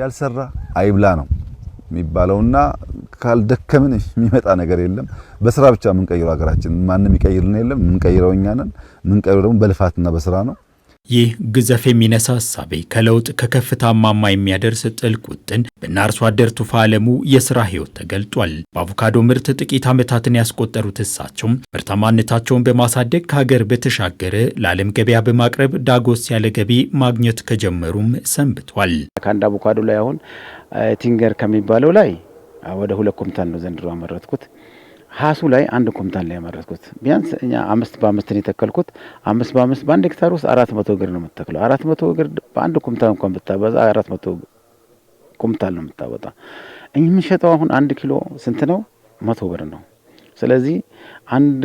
ያልሰራ አይብላ ነው የሚባለውና ካልደከምን የሚመጣ ነገር የለም። በስራ ብቻ የምንቀይረው ሀገራችን ማንም ይቀይርልን የለም። የምንቀይረው እኛ ነን። የምንቀይረው ደግሞ በልፋትና በስራ ነው። ይህ ግዘፍ የሚነሳ ሀሳቤ ከለውጥ ከከፍታ ማማ የሚያደርስ ጥልቅ ውጥን በእነ አርሶ አደር ቱፋ አለሙ የስራ ህይወት ተገልጧል። በአቮካዶ ምርት ጥቂት ዓመታትን ያስቆጠሩት እሳቸውም ምርታማነታቸውን በማሳደግ ከሀገር በተሻገረ ለዓለም ገበያ በማቅረብ ዳጎስ ያለ ገቢ ማግኘት ከጀመሩም ሰንብቷል። ከአንድ አቮካዶ ላይ አሁን ቲንገር ከሚባለው ላይ ወደ ሁለት ኩንታል ነው ዘንድሮ አመረትኩት ሀሱ ላይ አንድ ኩንታል ላይ ያመረትኩት ቢያንስ እኛ አምስት ነው የተከልኩት አምስት በአምስት በአንድ ሄክታር ውስጥ አራት መቶ እግር ነው የምትተክለው። አራት መቶ እግር በአንድ ኩንታል እንኳን ብታበዛ አራት መቶ ኩንታል ነው የምታወጣ። የምንሸጠው አሁን አንድ ኪሎ ስንት ነው? መቶ ብር ነው። ስለዚህ አንድ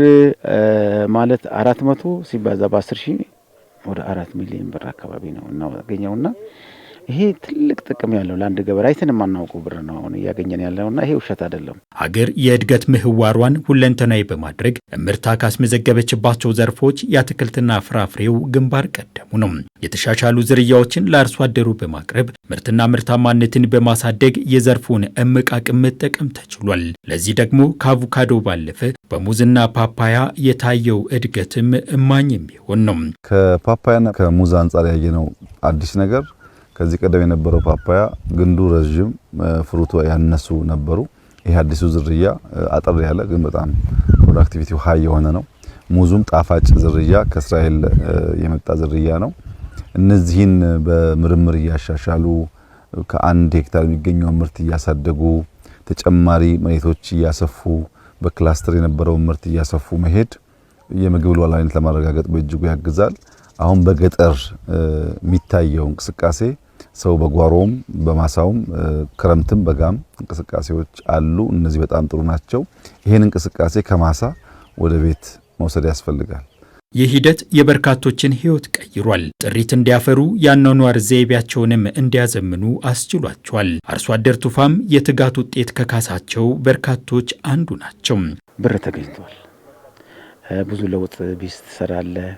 ማለት አራት መቶ ሲባዛ በአስር ሺህ ወደ አራት ሚሊዮን ብር አካባቢ ነው እናገኘውና ይሄ ትልቅ ጥቅም ያለው ለአንድ ገበሬ አይተን የማናውቀው ብር ነው አሁን እያገኘን ያለውና ይሄ ውሸት አይደለም። ሀገር የእድገት ምህዋሯን ሁለንተናዊ በማድረግ እምርታ ካስመዘገበችባቸው ዘርፎች የአትክልትና ፍራፍሬው ግንባር ቀደሙ ነው። የተሻሻሉ ዝርያዎችን ለአርሶ አደሩ በማቅረብ ምርትና ምርታማነትን በማሳደግ የዘርፉን እምቅ አቅም መጠቀም ተችሏል። ለዚህ ደግሞ ከአቮካዶ ባለፈ በሙዝና ፓፓያ የታየው እድገትም እማኝ የሚሆን ነው። ከፓፓያና ከሙዝ አንጻር ያየነው አዲስ ነገር ከዚህ ቀደም የነበረው ፓፓያ ግንዱ ረዥም ፍሩቱ ያነሱ ነበሩ። ይሄ አዲሱ ዝርያ አጠር ያለ ግን በጣም ፕሮዳክቲቪቲው ሃይ የሆነ ነው። ሙዙም ጣፋጭ ዝርያ ከእስራኤል የመጣ ዝርያ ነው። እነዚህን በምርምር እያሻሻሉ ከአንድ ሄክታር የሚገኘውን ምርት እያሳደጉ ተጨማሪ መሬቶች እያሰፉ በክላስተር የነበረውን ምርት እያሰፉ መሄድ የምግብ ሉዓላዊነት ለማረጋገጥ በእጅጉ ያግዛል። አሁን በገጠር የሚታየው እንቅስቃሴ ሰው በጓሮም በማሳውም ክረምትም በጋም እንቅስቃሴዎች አሉ። እነዚህ በጣም ጥሩ ናቸው። ይህን እንቅስቃሴ ከማሳ ወደ ቤት መውሰድ ያስፈልጋል። ይህ ሂደት የበርካቶችን ሕይወት ቀይሯል። ጥሪት እንዲያፈሩ የአኗኗር ዘይቤያቸውንም እንዲያዘምኑ አስችሏቸዋል። አርሶ አደር ቱፋም የትጋት ውጤት ከካሳቸው በርካቶች አንዱ ናቸው። ብር ተገኝቷል። ብዙ ለውጥ ቤት ትሰራለህ፣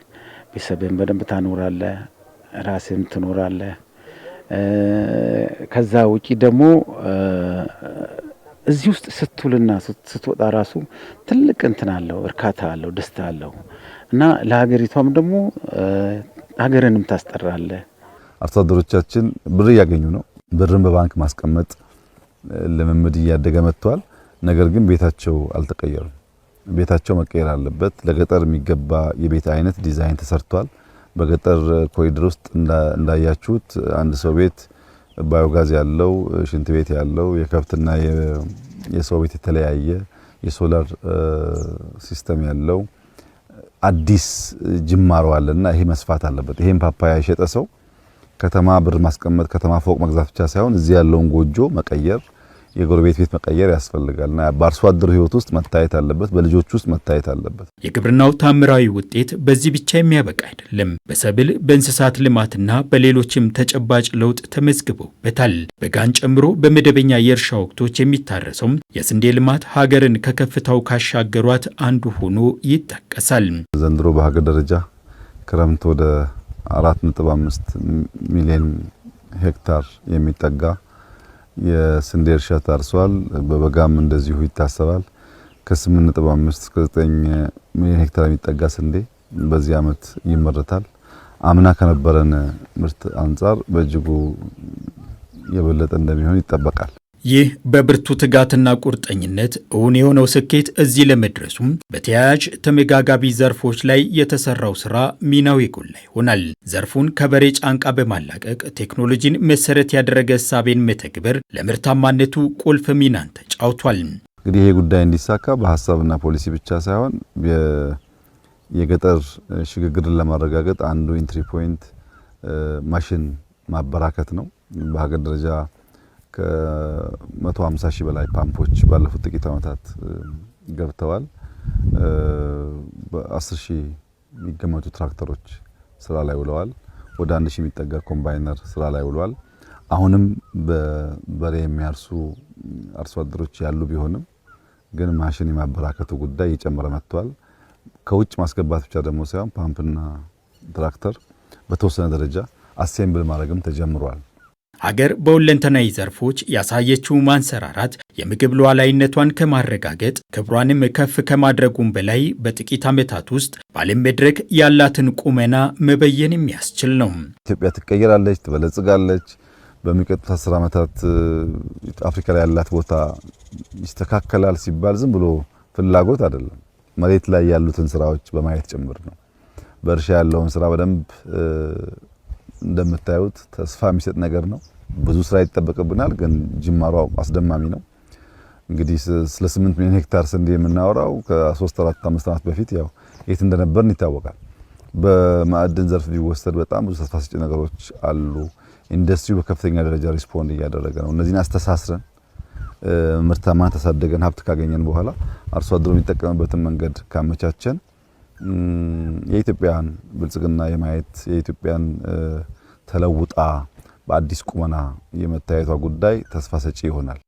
ቤተሰብህን በደንብ ታኖራለህ፣ ራስህም ትኖራለህ። ከዛ ውጪ ደግሞ እዚህ ውስጥ ስትውልና ስትወጣ ራሱ ትልቅ እንትን አለው፣ እርካታ አለው፣ ደስታ አለው እና ለሀገሪቷም ደግሞ ሀገርንም ታስጠራለ። አርሶ አደሮቻችን ብር እያገኙ ነው። ብርን በባንክ ማስቀመጥ ልምምድ እያደገ መጥቷል። ነገር ግን ቤታቸው አልተቀየሩም። ቤታቸው መቀየር አለበት። ለገጠር የሚገባ የቤት አይነት ዲዛይን ተሰርቷል። በገጠር ኮሪደር ውስጥ እንዳያችሁት አንድ ሰው ቤት ባዮጋዝ ያለው ሽንት ቤት ያለው የከብትና የሰው ቤት የተለያየ የሶላር ሲስተም ያለው አዲስ ጅማሮ አለና ይሄ መስፋት አለበት። ይሄን ፓፓያ የሸጠ ሰው ከተማ ብር ማስቀመጥ ከተማ ፎቅ መግዛት ብቻ ሳይሆን እዚህ ያለውን ጎጆ መቀየር የጎረቤት ቤት መቀየር ያስፈልጋልና በአርሶ አደሩ ህይወት ውስጥ መታየት አለበት፣ በልጆች ውስጥ መታየት አለበት። የግብርናው ታምራዊ ውጤት በዚህ ብቻ የሚያበቃ አይደለም። በሰብል በእንስሳት ልማትና በሌሎችም ተጨባጭ ለውጥ ተመዝግበውበታል። በጋን ጨምሮ በመደበኛ የእርሻ ወቅቶች የሚታረሰውም የስንዴ ልማት ሀገርን ከከፍታው ካሻገሯት አንዱ ሆኖ ይጠቀሳል። ዘንድሮ በሀገር ደረጃ ክረምት ወደ አራት ነጥብ አምስት ሚሊዮን ሄክታር የሚጠጋ የስንዴ እርሻ ታርሷል። በበጋም እንደዚሁ ይታሰባል። ከ8.5 እስከ 9 ሚሊዮን ሄክታር የሚጠጋ ስንዴ በዚህ ዓመት ይመረታል። አምና ከነበረን ምርት አንጻር በእጅጉ የበለጠ እንደሚሆን ይጠበቃል። ይህ በብርቱ ትጋትና ቁርጠኝነት እውን የሆነው ስኬት እዚህ ለመድረሱም በተያያዥ ተመጋጋቢ ዘርፎች ላይ የተሰራው ስራ ሚናው የጎላ ይሆናል። ዘርፉን ከበሬ ጫንቃ በማላቀቅ ቴክኖሎጂን መሰረት ያደረገ እሳቤን መተግበር ለምርታማነቱ ቁልፍ ሚናን ተጫውቷል። እንግዲህ ይህ ጉዳይ እንዲሳካ በሀሳብና ፖሊሲ ብቻ ሳይሆን የገጠር ሽግግርን ለማረጋገጥ አንዱ ኢንትሪ ፖይንት ማሽን ማበራከት ነው። በሀገር ደረጃ ከ150 ሺህ በላይ ፓምፖች ባለፉት ጥቂት ዓመታት ገብተዋል። በ10 ሺህ የሚገመቱ ትራክተሮች ስራ ላይ ውለዋል። ወደ 1 ሺህ የሚጠጋ ኮምባይነር ስራ ላይ ውለዋል። አሁንም በበሬ የሚያርሱ አርሶ አደሮች ያሉ ቢሆንም ግን ማሽን የማበራከቱ ጉዳይ እየጨመረ መጥቷል። ከውጭ ማስገባት ብቻ ደግሞ ሳይሆን ፓምፕና ትራክተር በተወሰነ ደረጃ አሴምብል ማድረግም ተጀምሯል። ሀገር በሁለንተናዊ ዘርፎች ያሳየችው ማንሰራራት የምግብ ሉዓላዊነቷን ከማረጋገጥ ክብሯንም ከፍ ከማድረጉም በላይ በጥቂት ዓመታት ውስጥ በዓለም መድረክ ያላትን ቁመና መበየን የሚያስችል ነው። ኢትዮጵያ ትቀየራለች፣ ትበለጽጋለች። በሚቀጡት አስር ዓመታት አፍሪካ ላይ ያላት ቦታ ይስተካከላል ሲባል ዝም ብሎ ፍላጎት አይደለም፣ መሬት ላይ ያሉትን ስራዎች በማየት ጭምር ነው። በእርሻ ያለውን ስራ በደንብ እንደምታዩት ተስፋ የሚሰጥ ነገር ነው። ብዙ ስራ ይጠበቅብናል፣ ግን ጅማሯ አስደማሚ ነው። እንግዲህ ስለ 8 ሚሊዮን ሄክታር ስንዴ የምናወራው ከ3 4 5 ዓመት በፊት ያው የት እንደነበርን ይታወቃል። በማዕድን ዘርፍ ቢወሰድ በጣም ብዙ ተስፋ ሰጪ ነገሮች አሉ። ኢንዱስትሪው በከፍተኛ ደረጃ ሪስፖንድ እያደረገ ነው። እነዚህን አስተሳስረን ምርታማ ተሳደገን ሀብት ካገኘን በኋላ አርሶ አደሩ የሚጠቀምበትን መንገድ ካመቻቸን የኢትዮጵያን ብልጽግና የማየት የኢትዮጵያን ተለውጣ በአዲስ ቁመና የመታየቷ ጉዳይ ተስፋ ሰጪ ይሆናል።